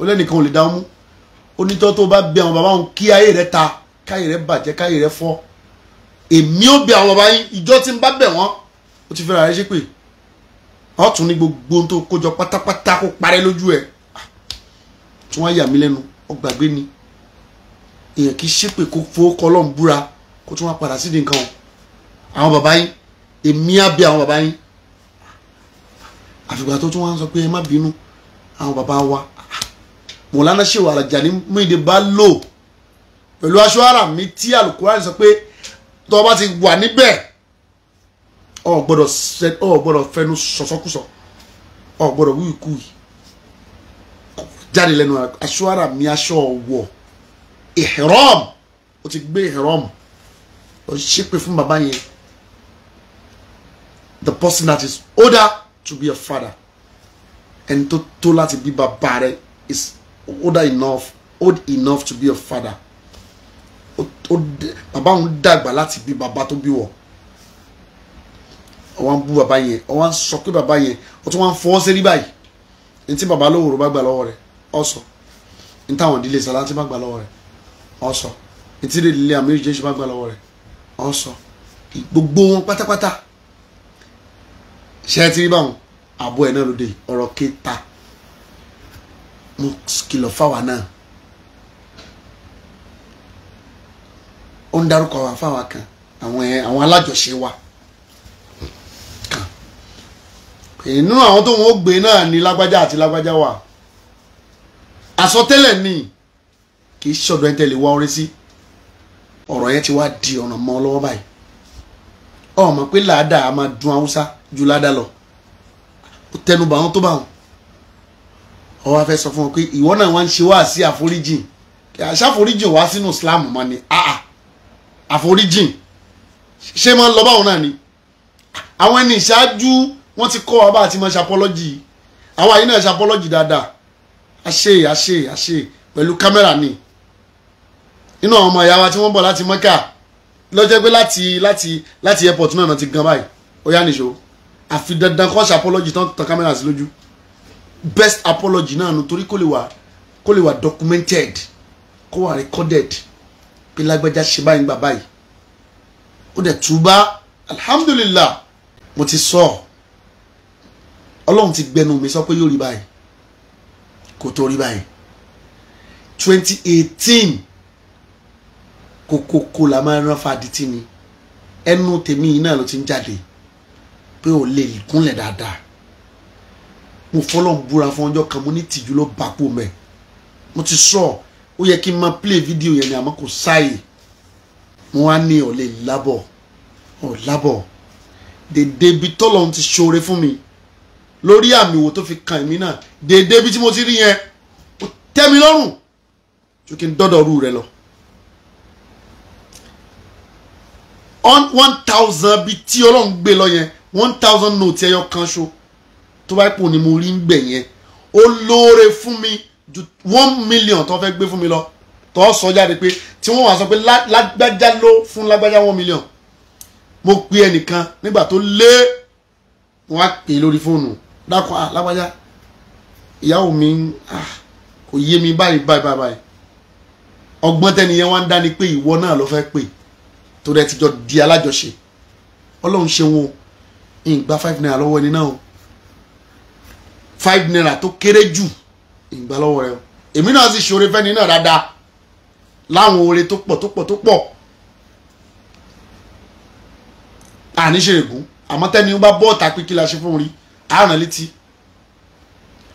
ó lẹ́nìkan ò lè dáhùn mú onítọ́ tó bá bẹ àwọn bàbá wọn kí ayé rẹ ta káyé rẹ bàjẹ́ káyé rẹ fọ́ èmi ò bẹ àwọn bàbá yín ìjọ tí ń bá bẹ̀ wọ́n ó ti fẹ́ra rẹ pé wọ́n tún ní gbogbo tó kójọ pátápátá kó parẹ́ lójú ẹ̀ tí wọ́n yà mí lẹ́nu ó ni èèyàn kì í ṣépè kó fowókọ ọlọ́run búra kó tún wá padà sídìí nǹkan o àwọn bàbá yín èmi á bẹ àwọn bàbá yín àfìgbà tó tún wá ń sọ pé ẹ má bínú àwọn bàbá wa mọ̀lánà ṣèwà àlàjàní Muyideen bá lò pẹ̀lú aṣọ ara mi tí alukurani sọ pé tó bá ti wà níbẹ̀ o gbọ́dọ̀ fẹnu sọ̀sọ́kùsọ̀ o gbọ́dọ̀ wíwíkú yìí jáde lẹ́nu aṣọ ara mi aṣọ ọ̀wọ̀ ìhẹ́rọ́m o ti gbé ìhẹ́rọ́m o ṣépè fún bàbá yẹn the person that is older to be a father ẹni tó tó láti bí bàbá rẹ is older enough old enough to be a father bàbá òun dàgbà láti bí bàbá tó bí wọ ọwọ́n bú bàbá yẹn ọwọ́n sọ pé bàbá yẹn ó tún wá ń fọwọ́ sí rí báyìí ní tí bàbá lówó bá gbà lọ́wọ́ rẹ̀ ọ̀sọ̀ ní táwọn ìdílé sàlátì bá gbà lọ́wọ́ rẹ̀ ọ̀sọ̀ ní tí ìdílé amírí jésù bá gbà lọ́wọ́ rẹ̀ ọ̀sọ̀ gbogbo wọn pátápátá ṣe ti rí báwọn àbọ̀ ẹ̀ náà lóde ọ̀rọ̀ kẹta mo kìlọ̀ fáwa náà ó ń dárúkọ wa fáwa kan àwọn àwọn alájọṣe wa kan inú àwọn tó wọn ó gbé náà ní lágbájá àti lágbájá wa àsọtẹ́lẹ̀ ni kì í ṣọ̀dọ̀ ẹni tẹ́lẹ̀ wá orí sí ọ̀rọ̀ yẹn ti wá di ọ̀nà mọ́ lọ́wọ́ báyìí ọmọ pé làádà a máa dun haúsá ju ládàá lọ ó tẹnubà wọn tó bá wọn ó wá fẹ́ sọ fún wọn pé ìwọ náà wá ń ṣe wá sí àforíjìn ṣàforíjìn wá sínú Islam mọ́ ni ah, ah. àforíjìn ṣé máa ń lọ báwọn náà ni àwọn ẹni ìṣáájú wọ́n ti kọ́ wa bá àti máa ṣàpọ́lọ́jì àwọn àyínà ṣàpọ́lọ́jì dáadáa àṣe àṣe àṣe pẹ̀lú kámẹ́rà ni inú àwọn ọmọ ìyá wa tí wọ́n bọ̀ láti mọ́kà lọ́jọ́ pé láti láti láti airport náà ti gan báyìí ó yá nìṣó àfi dandan kọ́ ṣàpọ́lọ́jì tán tán kámẹ́rà sí lójú best apology náà nu torí kó lè wà kó lè wà documented kó wà recorded pé lágbájá ṣe báyìí gbà báyìí ó dẹ̀ túbá alhamdulillah mo ti sọ ọlọ́run ti gbẹnu mi sọ pé yóò rí báyìí kò tó rí báyìí twenty eighteen kòkòkò la máa rán fadití ni ẹnu tèmi yìí náà ló ti ń jáde pé ò lè kúnlẹ̀ dáadáa mo fọlọ́n búra fún ọjọ́ kan mo ní tìjú ló bá pò mẹ́ mo ti sọ ó yẹ kí n máa play video yẹn ni àmọ́ kò sáàyè mo wá ní ọ̀lẹ́ lábọ̀ ọ̀ lábọ̀ dèdè ibi tọ́lọ́run ti ṣoore fún mi lórí àmì wo tó fi kan èmi náà dèdè ibi tí mo ti rí yẹn ó tẹ́ mi lọ́rùn ju kí n dọ́dọ̀ rú rẹ lọ. one thousand bíi tí ọlọ́run gbé lọ yẹn one thousand note ẹyọ kan ṣo tó bá pò ní mo rí ń gbẹ̀ yẹn ó lóore fún mi ju one million tó fẹ́ gbé fún mi lọ tó sọ jáde pé tí wọ́n wá sọ pé lágbájá ló fún lágbájá one million mo pe ẹnìkan nígbà tó lé wọn á pè lórí fóònù dákun à lágbájá ìyàwó mi kò yé mi báyìí báyìí báyìí ọgbọ́n tẹ́niyẹn wá ń dá ni pé ìwọ náà ló fẹ́ pè torí ẹ ti jọ di alájọṣe ọlọ́run ṣe wọn ìgbà five naira lọ́wọ́ ẹni náà o five naira tó kéré jù ìgbà lọ́wọ́ rẹ o èmi náà sì ṣoore fẹ́ni náà dáadáa láwọn oore tó pọ̀ tó pọ̀ tó pọ̀ àní ègún àmọ́ tẹ́ni bá bọ́ ọ̀tá pé kí la ṣe fún un rí àrùn létí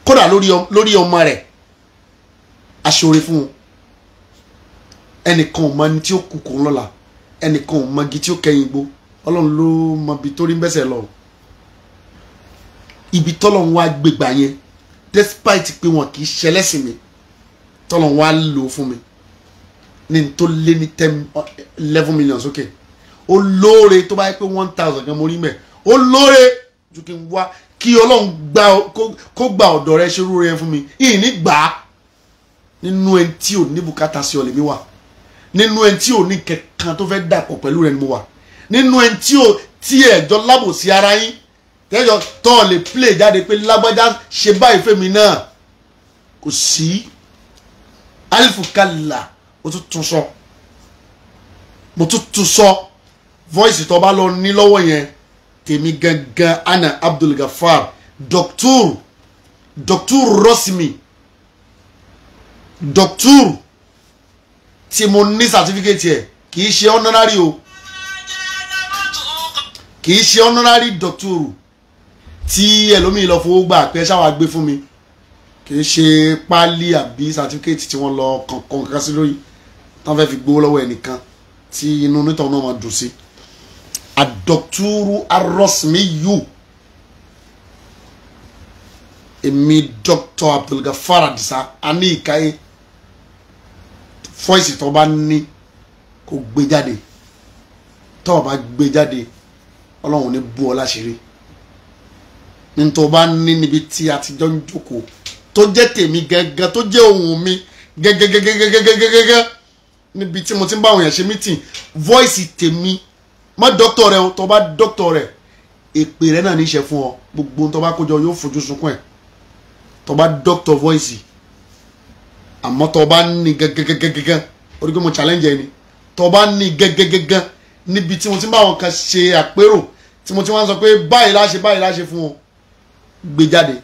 kódà lórí ọmọ rẹ̀ aṣoore fún un ẹnìkan ò mọ ẹni tí ó kù kò ń lọ́la ẹnìkan ò mọ igi tí ó kẹyìn igbó ọlọ́run ló mọ ibi tó rí ń bẹ́sẹ̀ lọ́rùn ibi tọ́lọ́run wá gbégbá yẹn despite pé wọn kì í ṣẹlẹ́sìn mi tọ́lọ́run wá lò fún mi ní tó lé ní ten eleven million sókè ó lóore tó bá yẹ pé one thousand gan mo rí mẹ́ ó lóore ju kí n wá kí ọlọ́run gba kó gba ọ̀dọ̀ rẹ ṣerú rẹ fún mi ìní gbà á nínú ẹni tí ò ní bùkátà sí ọ wà nínú ẹni tí ò ní kankan tó fẹ́ dàpọ̀ pẹ̀lú rẹ ni mo wà nínú ẹni tí ò tí ẹ̀jọ́ lábòsí ara yín tẹ́jọ tọ́ ọ lè play jáde pé lágbájá ṣe báyìí fèmí náà kò sí alifu kala o tún tún sọ mo tún tún sọ voice tó bá lọ ní lọ́wọ́ yẹn tèmi gangan ana abdul gafar doctor doctor rosmi doctor tí mo ní certificate yẹ kì í ṣe honorary o kì í ṣe honorary doctor tí ẹlòmíì lọ fowó gbà pé ṣáwa gbé fún mi kì í ṣe páálí àbí sàtífíkẹ́tì tí wọ́n lọ kọ̀ọ̀kan kan sí lórí tán fẹ́ fi gbowó lọ́wọ́ ẹnìkan tí inú onítọ̀ náà máa dùn sí àdọ̀túrú arọ́sìmíyù èmi dr abdulgafar adisa a ní ìkáyé fọ́ìsì tó bá ní kó gbé jáde tó bá gbé jáde ọlọ́run ní bú ọ láṣìírí ní tó bá ní níbi tí a ti jọ ń jókòó tó jẹ́ tèmi gẹ́gẹ́ tó jẹ́ ohun mi gẹ́gẹ́gẹ́gẹ́gẹ́gẹ́gẹ́ níbi tí mo ti ń bá àwọn èèyàn ṣe mítìn voice tèmi má dọ́kítọ̀ rẹ tó bá dọ́kítọ̀ rẹ èpè rẹ náà níṣẹ́ fún ọ gbogbo tó bá kójọ yóò fojú sunkún ẹ̀ tó bá dọ́kítọ̀ voice àmọ́ tó bá ní gẹ́gẹ́gẹ́gẹ́gẹ́ orí pé mo challenge ni. tó bá ní gẹ́gẹ́gẹ́gẹ́ níbi tí mo ti ń bá àwọn kan ṣe àpérò tí mo ti wá ń sọ pé báyìí láṣe báyìí láṣe fún ọ gbé jáde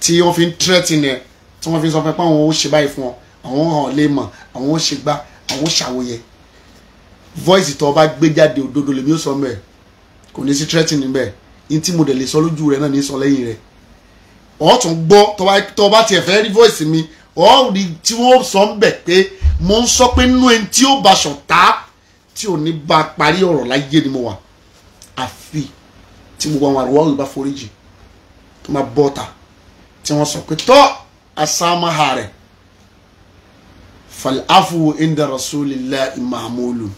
tí wọ́n fi ń threatening ẹ̀ tí wọ́n fi sọ fún ẹ pé àwọn ò ṣe báyìí fún ọ àwọn hàn lè mọ̀ àwọn ò ṣe gbá àwọn ò ṣàwòyẹ voice tó o bá gbé jáde òdodo lèmi ò sọ mẹ kò ní sí threatening bẹ́ẹ̀ ní tí mo dẹ̀ lè sọ lójú rẹ náà ní sọ lẹ́yìn rẹ ọ̀ tún gbọ́ tó o bá tiẹ̀ fẹ́ rí voice mi ọ̀ rí tí wọ́n sọ ń bẹ̀ pé mo ń sọ pé nínú ẹni tí ó bá ṣọ̀tá tí ò ní bá parí ọ̀rọ̀ láyé ni mo wà àfi tí gbogbo àwọn àrùwá òyìnbá foríjì tó máa bọ́ ta tí wọ́n sọ pé tọ́ asámáha fàlàfù inda rasulillahi mahmulu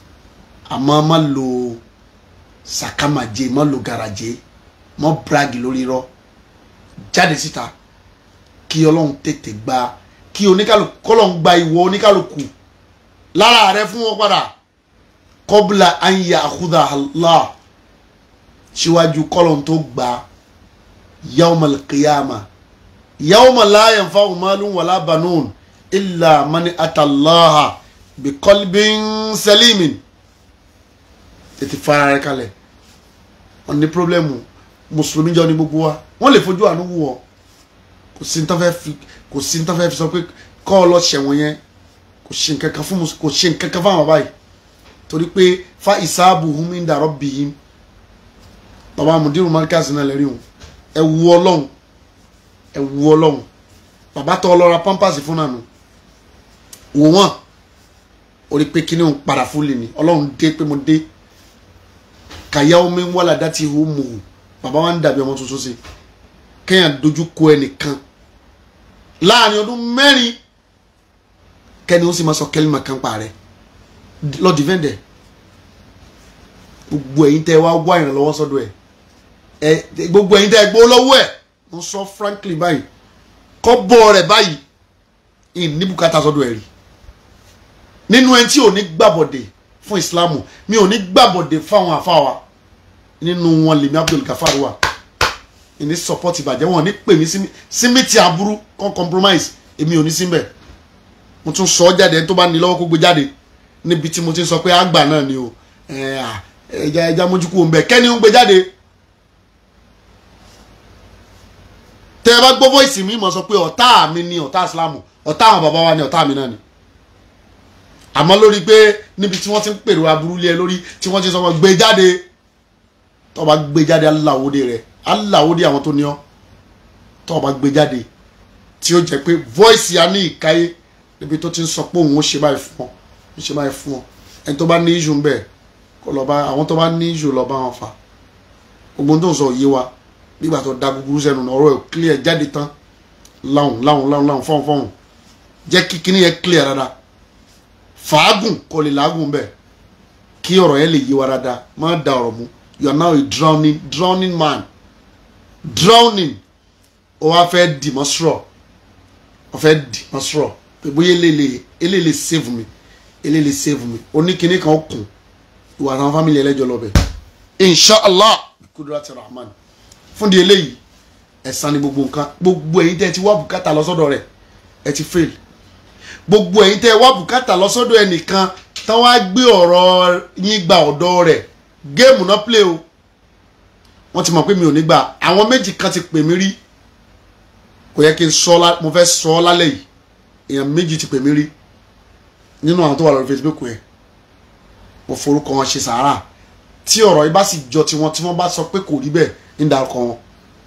àmọ́ má lo sàkàmàjẹ má lo garaje má bragi lórí rọ jáde síta kí ọlọ́run tètè gba kí oníkàlùkù kọ́lọ́run gba ìwọ oníkàlùkù lára rẹ fún wọn padà kọ́bùlà ànyà àkúdà Allah síwájú kọ́lọ́n tó gba yawmal qiyama yawma la yanfa'u malun wala banun illa man atallaha bi qalbin salimin tètè fara rẹ kalẹ̀ wọn ní pírọ́blẹ́mù mùsùlùmí jọ ní gbogbo wa wọn lè fojú àánú wù ọ kò sí ní tán fẹ́ fi sọ pé kọ́ ọ lọ ṣẹ̀wọ̀n yẹn kò ṣe nǹkan kan fún àwọn báyìí torí pé fa ìsáàbù hùmí ń bìyìn bàbá mudiru markaz náà lè rí wọn ẹ wu ọlọ́run ẹ wu ọlọ́run bàbá tó ọlọ́ra pampers fún nànú wò wọ́n orí pé kíní òun padà fún lè ní ọlọ́run dé pé mo dé kàyà omi wàlà dátì ihò mò ó bàbá wa ń dàbí ọmọ tuntun sí kéèyàn dojú kọ ẹnìkan láàrin ọdún mẹ́rin kẹ́ni ó sì máa sọ kẹ́límà kan pa rẹ̀ lọ́dìvẹ́ndẹ̀ gbogbo ẹ̀yin tẹ́ wá wá ìrànlọ́wọ́ sọ́dọ̀ ẹ̀ ẹ gbogbo ẹ̀yin tẹ́ ẹ gbọ́ lọ́wọ́ ẹ̀ mo sọ frankly báyìí kọ́ bọ́ rẹ̀ báyìí ìn bukata bùkátà sọ́dọ̀ ẹ̀ rí nínú ẹni tí ò ní gbàbọ̀dè fún ìsìláàmù mi ò ní gbàbọ̀dè fáwọn àfáwà nínú wọn lèmi Abdul Gafar wa ìní support ìbàjẹ́ wọn ní pè mí símìtì aburú kan compromise èmi ò ní síbẹ̀ mo tún sọ ọ́ jáde tó bá ní lọ́wọ́ kó gbé jáde níbi tí mo ti sọ pé àgbà náà ni o ẹ̀ẹ́dà ẹja mójú kú òun bẹ̀ kẹ́ni ó ń gbé jáde tẹ́ ẹ bá gbọ́ voice mi mọ̀ sọ pé ọ̀tá mi ni ọ̀tá islam ọ̀tá àwọn bàbá wa ni ọ̀tá mi náà ni àmọ́ lórí pé níbi tí wọ́n ti ń pèrò aburú lé ẹ lórí tí wọ́n ti sọ wọn gbé jáde tó bá gbé jáde aláwòde rẹ aláwòde àwọn tó ní ọ tó bá gbé jáde tí ó jẹ́ pé voice ya ní ìkáyé níbi tó ti ń sọ pé òun ó ṣe báyìí fún ọ ó ṣe báyìí fún ọ ẹni tó bá ní ìṣù ń bẹ kó lọ àwọn tó bá ní ìṣù lọ wọn fà gbogbo tó ń sọ yé wa nígbà tó da gbogbo sẹ́nu ọ̀rọ̀ ẹ̀ clear jáde tán láwùn láwùn láwùn láwùn fọ́n fọ́n jẹ́ kí kíní yẹn clear dada fàágùn kò làágùn bẹ́ẹ̀ kí ọ̀rọ̀ yẹn lè yí wa dada má da ọ̀rọ̀ mu you are now a drowning drowning man drowning o wa fẹ́ dì mọ́ sùrọ̀ o fẹ́ dì mọ́ sùrọ̀ bóyá eléyìí eléyìí save me eléyìí save me oníkíní kan kùn ìwà àtàwọn fámìlì ẹlẹ́jọ́ lọ bẹ̀ inshallah kudrat rahman fúndi eléyìí ẹ̀san ni gbogbo nǹkan gbogbo ẹ̀yin tẹ́ ẹ ti wá bùkátà lọ rẹ̀ ẹ ti fail gbogbo ẹ̀yin tẹ́ ẹ wá bùkátà lọ sọ́dọ̀ ẹnìkan tán wá gbé ọ̀rọ̀ yín gba ọ̀dọ̀ rẹ̀ géèmù náà play o wọ́n ti mọ̀ pé mi ò ní gbà àwọn méjì kan ti pè mí rí kò yẹ kí n sọ mo fẹ́ sọ ọ́ lálẹ́ yìí èèyàn méjì ti pè mí rí nínú àwọn tó wà lórí Facebook yẹn mo forúkọ wọn ṣe sàárà tí ọ̀rọ̀ yìí bá sì jọ tiwọn tí wọ́n bá sọ pé kò rí bẹ́ẹ̀ ń darúkọ wọn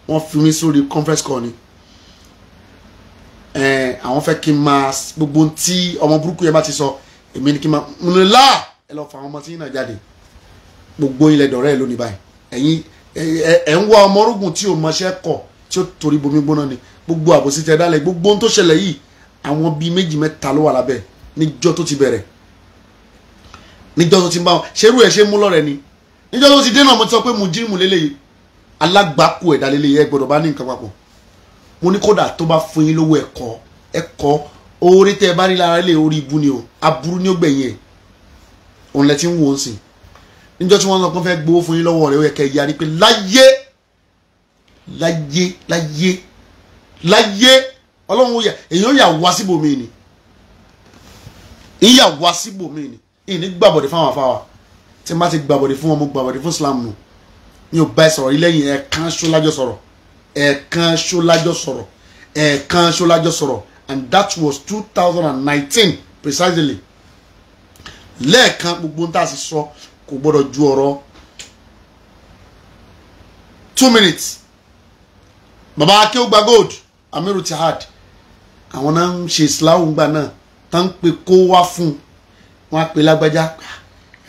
wọ́n fi mí sórí conference call ni àwọn fẹ́ kí n máa gbogbo tí ọmọ burúkú yẹn bá ti sọ èmi ni kí n máa múnilá ẹ lọ fa àwọn ọmọ tí yín náà jáde gbogbo ilẹ̀ dọ̀rẹ́ ẹ lónìí báyìí ẹ̀yin ẹ̀ ń wá ọmọ orogún tí ò mọṣẹ́ kọ̀ tí ó torí bomi gbóná ni gbogbo àbòsí tẹ dálẹ̀ gbogbo ohun tó ṣẹlẹ̀ yìí àwọn bíi méjì mẹ́ta ló wà lábẹ́ níjọ́ tó ti bẹ̀rẹ̀ níjọ́ tó ti bá wọn ṣerú ẹ̀ ṣe mú lọ́rẹ̀ ni níjọ́ tó ti dé náà mo ti pé mo lélẹ́yìí alágbàkú ẹ̀dá lélẹ̀ yẹ gbọ́dọ̀ bá ní nǹkan papọ̀ mo ní kódà tó bá fún yín lówó ẹ̀kọ́ ẹ̀kọ́ oore tẹ́ ẹ bá rí lára lè orí ibu ni o aburú ni ó gbẹ̀yìn ẹ̀ òun lẹ ti ń wò ó sìn níjọ́ tí wọ́n lọ pọ́n fẹ́ gbowó fún yín lọ́wọ́ rẹ̀ ó yẹ kẹ́ yarí pé láyé láyé láyé láyé ọlọ́run yà èyàn ó yà wá síbòmí ni ìyà wá síbòmí ni ìní gbàbọ̀dé fáwọn afáwà tí n ti gbàbọ̀dé fún wọn mo fún Islam nù mi ò bá ẹ sọ̀rọ̀ ilé yìí ẹ̀ẹ̀kan ṣolájọ sọ̀rọ̀ ẹ̀ẹ̀kan ṣolájọ sọ̀rọ̀ ẹ̀ẹ̀kan ṣolájọ sọ̀rọ̀ and that was two thousand and nineteen precisely lẹ́ẹ̀kan gbogbo tá a sì sọ kò gbọ́dọ̀ ju ọ̀rọ̀ two minutes baba akéwùgbà gold amiru tihad àwọn náà ń ṣe islahu gbà náà tá ń pe kó wá fún un wọn á lágbájá ah,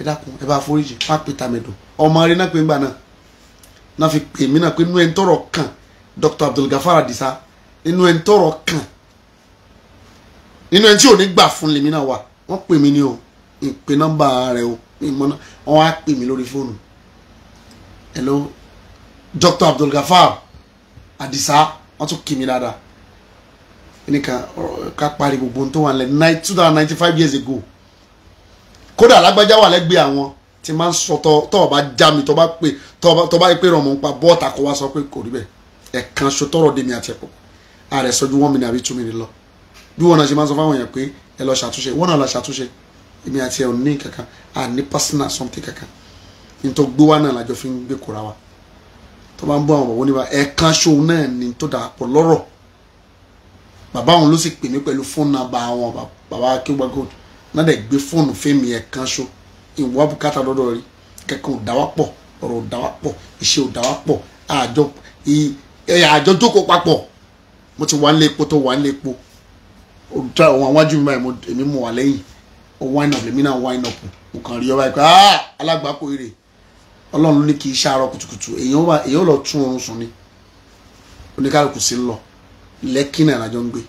ẹ dákun ẹ bá foríjì wọn á pe ọmọ rẹ náà pé ń gbà náà náà fi pè mí náà pé inú ẹ̀ ń tọrọ kàn Dr. Abdulgafar Adisa inú ẹ̀ ń tọrọ kàn inú ẹ̀ tí ò ní gbà fún lèmi náà wà wọ́n pè mí ní o ìpè nọ́mbà rẹ̀ o ìmọ̀nà wọ́n á pè mí lórí fóònù hello Dr. Abdulgafar Adisa wọ́n tún kì mí dáadáa nìkan ká parí gbogbo ohun tó wà nílẹ̀ two thousand ninety five years ago kódà lágbájá wà lẹ́gbẹ̀ẹ́ àwọn tí máa ń sọ tọ́ ọ bá já mi tọ́ bá pè tọ́ bá pè rànmọ́ pa bọ́ọ̀tà kó wá sọ pé kò rí bẹ́ẹ̀ ẹ̀kan ṣo tọrọ dèmi àti ẹ̀pọ̀ ààrẹ sọ ju one minute àbí two ni lọ bí wọn náà ṣe máa ń sọ fáwọn èèyàn pé ẹ lọ ṣàtúnṣe wọn náà lọ ṣàtúnṣe èmi àti ẹ̀ ò ní kankan à ní personal something kankan nítorí gbé wá náà lájọ fi ń gbé kóra wa tó bá ń bọ́ àwọn bàbá oníbà ẹ̀kan ṣo náà ni tó dà pọ̀ lọ́rọ̀ bàbá àwọn ló sì pè mí pẹ̀lú fóònù nàbà àwọn bàbá akéwàgòd náà dẹ̀ gbé fóònù fèmí ẹ̀kan ṣo ìwà bùkátà lọ́dọ̀ rí kẹ́kẹ́ ò dáwà pọ̀ ọ̀rọ̀ ò dáwà pọ̀ iṣẹ́ ò dáwà pọ̀ àjọ àjọ jókòó papọ̀ mo ti wà ń lé epo tó wà ń lé epo òun àwájú mi báyìí èmi mo wà lẹ́yìn ó wine up lèmi náà wine up mo kàn rí ọba ẹ̀ pé ah, alágbàákò èrè ọlọ́run ló ní kí iṣẹ́ àárọ̀ kùtùkùtù èèyàn ó lọ tún oorun sùn ni oníkálukú sí lọ lẹ́kí náà lájọ ń gbé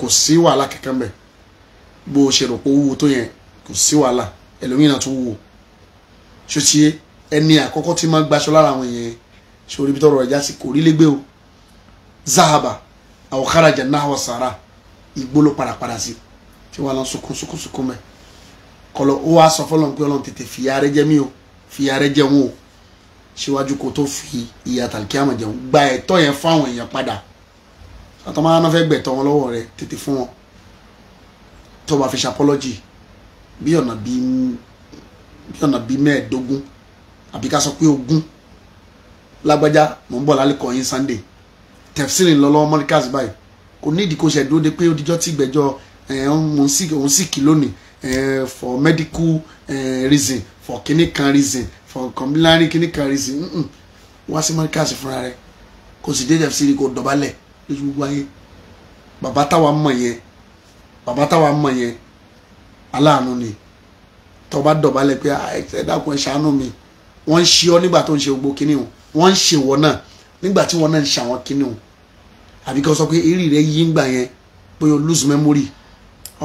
kò sí wàhálà kankan bẹ̀ bó o ṣe rò pé owó tó yẹn kò sí wàhálà ẹlòmíràn tún wò ṣòṣìyẹ ẹni àkọ́kọ́ tí máa ń gbaṣọ lára àwọn yẹn sórí bí tọrọ ẹja sí kò rí lẹ́gbẹ́ o zahaba àwọn kárajà náà wà sára igbó ló parapara sí tí wọn lọ sunkún sunkún sunkún mẹ kọlọ ó wàá sọ fọlọ pé Ọlọ́run tètè fìyà rẹ jẹ mí o fìyà rẹ jẹ wọn o síwájú kó tó fi ìyà tàlùkíyàmọ jẹun gba ẹ̀tọ́ yẹn fáwọn èèyàn padà àtọmọ anáfẹ gbẹtọ wọn lọ́wọ́ rẹ tètè fún wọn tó bá fi ṣàpọlọjì bí ọ̀nà bí ọ̀nà bí mẹ́ẹ̀ẹ́dógún àbí ká sọ pé ogún lágbájá mò ń bọ̀ lálẹ́kọ̀ọ́ yín Sunday tẹ̀sílì lọ́lọ́wọ́ mọ́ríkàsì báyìí kò nídìí kó ṣe dúró de pé ó dijọ́ tí gbẹ̀jọ́ eh, òun sì kì lónìí eh, for medical eh, reason for kìnnì kan reason for kọ̀mílárì kìnnì kan reason wá sí mọ́ríkàsì fúnra rẹ̀ kò sì dé tẹ̀sílì kò dọ̀bálẹ̀ lójú gbogbo ayé bàbá táwa mọ̀ yẹn bàbá táwa mọ̀ yẹn aláàánú ni tó bá dọ̀bálẹ̀ pé ah, ẹ dákun ẹ ṣàánú mi wọ́n ń ṣe ọ́ nígbà tó ń ṣe gbogbo kinní wọn wọ́n ń ṣe wọ́n náà nígbà tí wọ́n náà ń ṣe àwọn kinní wọn àbí kí wọ́n sọ pé eré rẹ yí ń yẹn pé o lose memory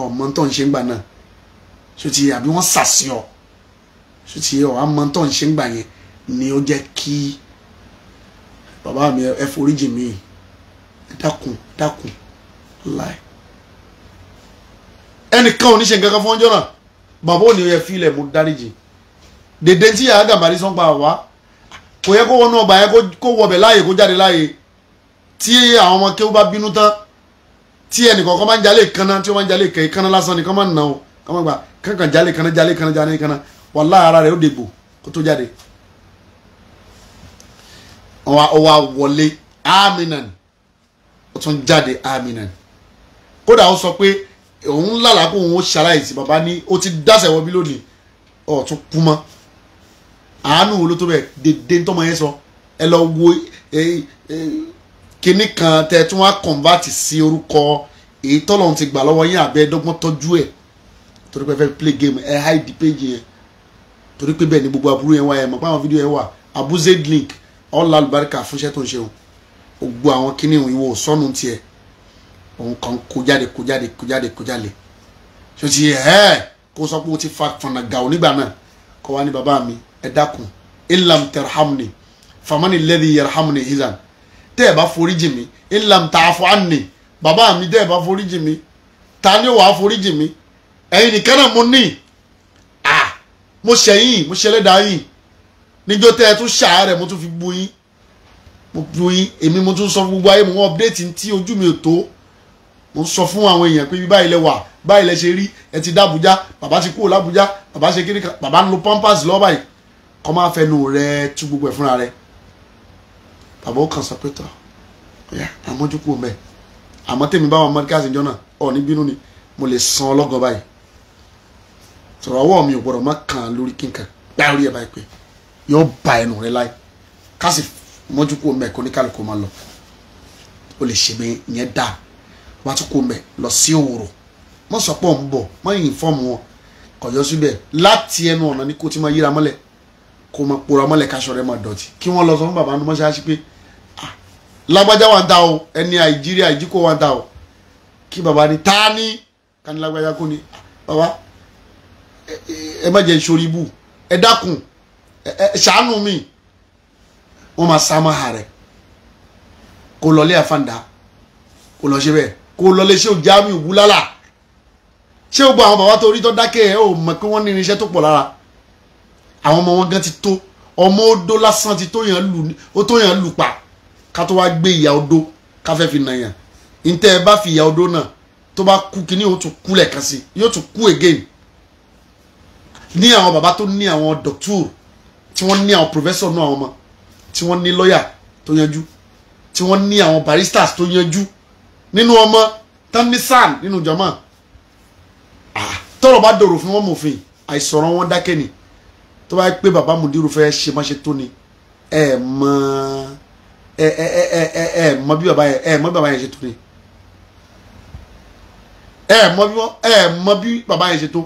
ọmọ tó ń ṣe ń gbà náà ṣùtì àbí wọ́n sàṣì ọ́ ṣùtì ọmọ tó ń ṣe ń gbà yẹn ni ó jẹ́ kí bàbá mi ẹ foríjì mi dákun dákun láì ẹnìkan ò ní ṣe nǹkan kan fún ọjọ́ náà bàbá òní yẹ filẹ̀ mo dáríjì dèdè tí yàrá gàmàrí sọ́n pa wá kò yẹ kó wọnú ọgbà yẹ kó wọbẹ̀ láàyè kó jáde láàyè tí àwọn ọmọ kéwú bá bínú tán tí ẹnìkan kan máa ń jalè kanna tí wọ́n máa ń jalè kanna lásán ni kán máa ń nà ó kán máa gbà kankan jalè kanna jalè kanna jalè kanna wàláhì ara rẹ̀ ó dègbò kó tó jáde ọwọ́ àwọlé aminan ó tún jáde aminan kódà ó sọ pé òun lálàkùn òun ó ṣaláìsí bàbá ní ó ti dáṣẹ wọbí lónìí ọ̀tún kú mọ́ àánú wo ló tó bẹ̀ dédé tọmọ yẹn sọ ẹ lọ wo kinní kan tẹ tí wọ́n á convert sí orúkọ èyí tọ́lọ́run ti gbà lọ́wọ́ yín àbẹ́ dọ́gbọ́n tọ́jú ẹ̀ torí pé fẹ́ play game ẹ hide page yẹn torí pé bẹ́ẹ̀ ni gbogbo aburú yẹn wá ẹ mọ̀ pé àwọn fídíò yẹn wà abuzed link all alubarika fúnṣẹ́ tó ń ṣe o gbogbo àwọn kinní ìwò sọ́nù tiẹ̀ òun kan kó jáde kó jáde kó jáde kó jáde ṣé o ti yẹ ẹ kó sọ pé o ti fa fànàgà onígbà náà kó wá ní bàbá mi ẹ dákun ilam terhamni famani lẹ́dí yerhamni hizan tẹ́ ẹ bá foríjì mi ilam taafu anni baba mi tẹ́ ẹ bá foríjì mi ta ni ó wàá foríjì mi ẹ̀yin nìkan náà mo ní à mo ṣẹ̀yìn mo ṣẹlẹ́dàá yìí níjọ́ tẹ́ ẹ tún ṣàárẹ̀ mo tún fi bu yín mo bu yín èmi mo tún sọ fún gbogbo ayé mo wọ́n update tí ojú mi ò tó mo ń sọ fún àwọn èèyàn pé báyìí lẹ wà báyìí lẹ ṣe rí ẹ ti dábùjá bàbá ti kúrò lábùjá bàbá ṣe kíríkà bàbá ń lo pampers lọ báyìí kọ́ máa fẹnu rẹ tú gbogbo ẹ̀ fúnra rẹ bàbá ó kàn sọ pé tọ́ ọ̀yà àmójúkú mẹ́ àmọ́ tèmi bá wà mọ́díkàsì jọ náà ọ̀ ní bínú ni mo lè san ọlọ́gọ̀ báyìí sọ̀rọ̀ ọwọ́ mi ò gbọ́dọ̀ má kàn lórí kíkan gbá orí ẹ̀ báyìí pé yóò ba ẹnu rẹ láì kásì mọ́júkú mẹ́ kó máa lọ o lè ṣe mi ìyẹn dáa wà á tún kó mbẹ lọ sí òwòrò mọ sọpọ ń bọ mọ yìí fọọmù wọn kọjọ síbẹ̀ láti ẹnu ọ̀nà ni kó ti máa yíra mọ́lẹ̀ kó máa pòrà mọ́lẹ̀ káṣọ rẹ̀ máa dọ̀tí kí wọ́n lọ sọ fún bàbá ní mọ́ṣáláṣí pé ah lágbájá wa ń ta o ẹni àìjíríà àìjíkó wa ń ta o kí bàbá ní ta ni kání lágbájá kó ni ah, bàbá ẹ má jẹ́ ìṣòro ibù ẹ dákun ẹ ṣàánú mi wọ́n máa sá máa hà rẹ̀ kó lọ lé àfàǹdà kó lọ ṣe bẹ́ẹ̀ kò lọlé ṣé o Jamiu Bulala ṣé o gbọ́ àwọn bàbá tó rí tó dákẹ́ ẹ̀ ò mọ̀ pé wọ́n ní irinṣẹ́ tó pọ̀ lára àwọn ọmọ wọn gan ti tó ọmọ odó lásán ti tó yàn lù pa ká tó wá gbé ìyá odó ká fẹ́ fi nàyàn ntẹ́ bá fi ìyá odó náà tó bá kú kíní yóò tún kú lẹ́ẹ̀kan sí yóò tún kú again ní àwọn bàbá tó ní àwọn doctor tí wọ́n ní àwọn professor náà àwọn ọmọ tí wọ́n ní lawyer tó yanjú tí wọ́n ní àwọn baristas tó yanjú nínú ọmọ tán ní sàn nínú jama ah, tọrọ bá dọ̀rọ̀ fún wọn mòfin àìsọ̀rọ̀ wọn dákẹ́ ni tó bá pé bàbá mùdírù fẹ́ ṣe má ṣe tó ni ẹ mọ ẹ ẹ ẹ ẹ ẹ ẹ mọ bí bàbá yẹn ẹ mọ bí bàbá yẹn ṣe tó ni ẹ mọ bí ẹ mọ bí bàbá yẹn ṣe tó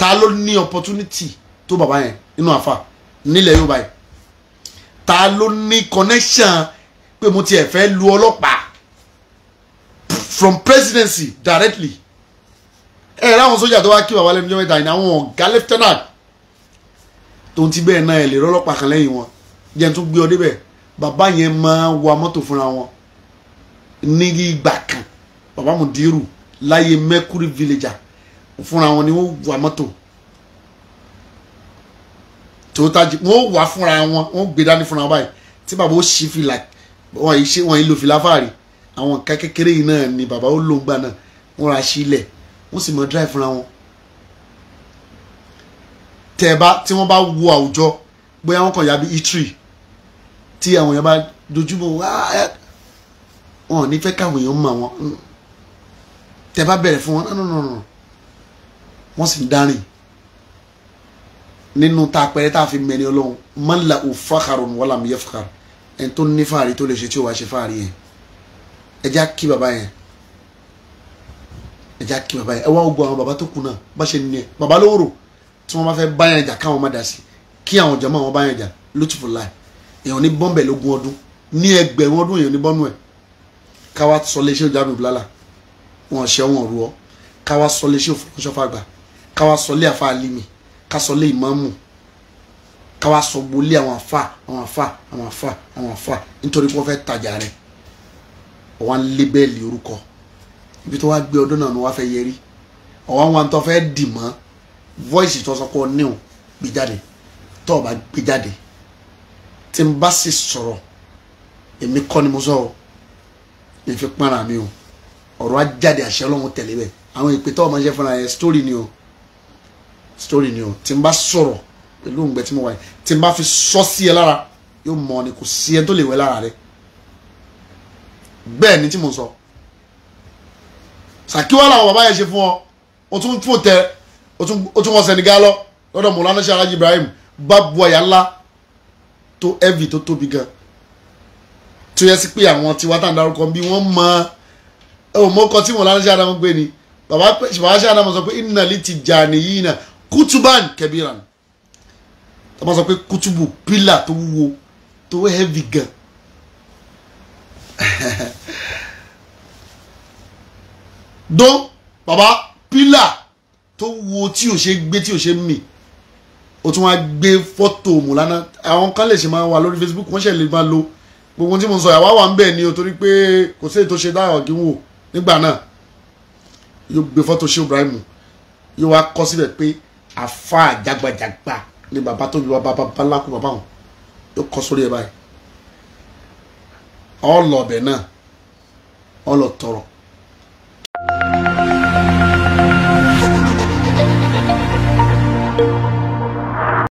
ta ló ní opportunity tó bàbá yẹn nínú afa nílẹ̀ Yorùbá yìí ta ló ní connection pé mo tiẹ̀ fẹ́ lu ọlọ́pàá from presidency directly ẹ ẹ ráwọn sójà tó wá kí bàbá lẹ́nu jẹ́ mẹ́ta ní àwọn ọ̀gá lieutenant tó ń ti bẹ́ẹ̀ náà ẹ̀ lè rọ́lọ́pàá kan lẹ́yìn wọn jẹ́ tún gbé ọ débẹ̀ bàbá yẹn máa wa mọ́tò fúnra wọn ní ìgbà kan bàbá Mudiru láyé Mercury villager fúnra wọn ni wọ́n wa mọ́tò tòótá jì wọ́n wà fúnra wọn wọ́n gbé dání fúnra wọn báyìí tí bàbá ó ṣí fìlà wọn yìí ṣe wọn yìí lo fìlà fáàrí àwọn nǹkan kékeré yìí náà ni bàbá ó lóun gbà náà wọ́n ra sílẹ̀ wọ́n sì mọ drive fúnra wọn tẹ́ tí wọ́n bá wo àwùjọ bóyá wọ́n kàn ya itri e tí àwọn èèyàn bá dojúmọ́ wọn ah, ah. ò ní fẹ́ káwọn èèyàn mọ̀ wọn mm. tẹ́ bá bẹ̀rẹ̀ fún wọn nánàánà wọ́n sì ń dárìn nínú ta pẹrẹ tá a fi mẹni Ọlọ́run man la ò fàkàrọ wọn làmúyẹ fàkàrọ ẹni tó ní fàárì tó lè ṣe tí ò wá ṣe fàárì yẹn ẹ jẹ́ kí bàbá yẹn ẹ jẹ́ kí bàbá yẹn ẹ wá ogun àwọn bàbá tó kù náà bá ṣe nìyẹn bàbá lówóró tí wọ́n bá fẹ́ bá yẹn jà káwọn má dá sí kí àwọn jàmá wọn bá yẹn jà lótìfù láì èèyàn ní bọ́m̀bẹ̀ lógún ọdún ní ẹgbẹ̀rún ọdún èèyàn ní bọ́nú ẹ̀ káwá sọ léṣe Jamiu Blala wọn ṣe wọn rú ọ káwá sọ léṣe òfurufúnṣọfà gbà káwá sọ lé àfa alimi ká sọ lé ìmáàmù káwá sọ gbolé àwọn àfa àwọn àfa àwọn àfa àwọn àfa nítorí pé wọ́n fẹ́ tajà rẹ̀ ọwọ́ ń lébẹ́ẹ̀lì orúkọ ibi tó wá gbé ọdún náà ni wọ́n fẹ́ yẹrí ọwọ́ àwọn tó fẹ́ dì mọ́ voice tó sọ pé ọ níwò gbé jáde tó o bá gbé jáde tí n bá sì sọ̀rọ̀ èmi kọ́ ni mo sọ ọ́ ìfi pààrà mi o ọ̀rọ̀ ajáde àṣẹ ọlọ́run tẹ̀lé bẹ́ẹ̀ àwọn ìpè tó o máa ṣe fúnra yẹn story ni o story ni o tí n bá sọ̀rọ̀ pẹ̀lú òǹgbẹ tí mo wà tí n bá fi sọ sí ẹ lára yóò mọ ni kò sí ẹ tó lè wẹ lára rẹ bẹ́ẹ̀ ni tí mo sọ sàkíwá làwọn bàbá yẹn ṣe fún ọ o tún fò tẹ o tún wọn Senegal lọ lọ́dọ̀ mọlánà ṣe alájí Ibrahim bá bu ọyà ńlá tó heavy tó tóbi gan tó yẹ sí pé àwọn tiwa tá à ń darúkọ bí wọ́n mọ ọ mọ́kọ tí mọlánà ṣe Adamu gbé ni bàbá bàbá ṣe Adamu sọ pé ìnàlí ti jà nìyí náà kutuban kẹbíran tọ́ bá sọ pé kutubu pílà tó wúwo tó heavy gan dó bàbá pílà tó wo tí ò ṣe gbé tí ò ṣe mì ó tún wá gbé fọ́tò Mùlánà àwọn kan lè ṣe máa wà lórí Facebook wọ́n ṣe lè máa lo gbogbo tí mo sọ yà wá ń bẹ̀ ni o torí pé kò sí ètò ṣe dáhùn kí n wò nígbà náà yóò gbé fọ́tò ṣé Ibrahim yóò wá kọ́ síbẹ̀ pé àfa àjàgbàjàgbà ni bàbá tó yọ bàbá bá lákùn bàbá wọn yóò kọ́ sórí ẹ̀ báyìí ọ lọ ọbẹ̀ náà ọ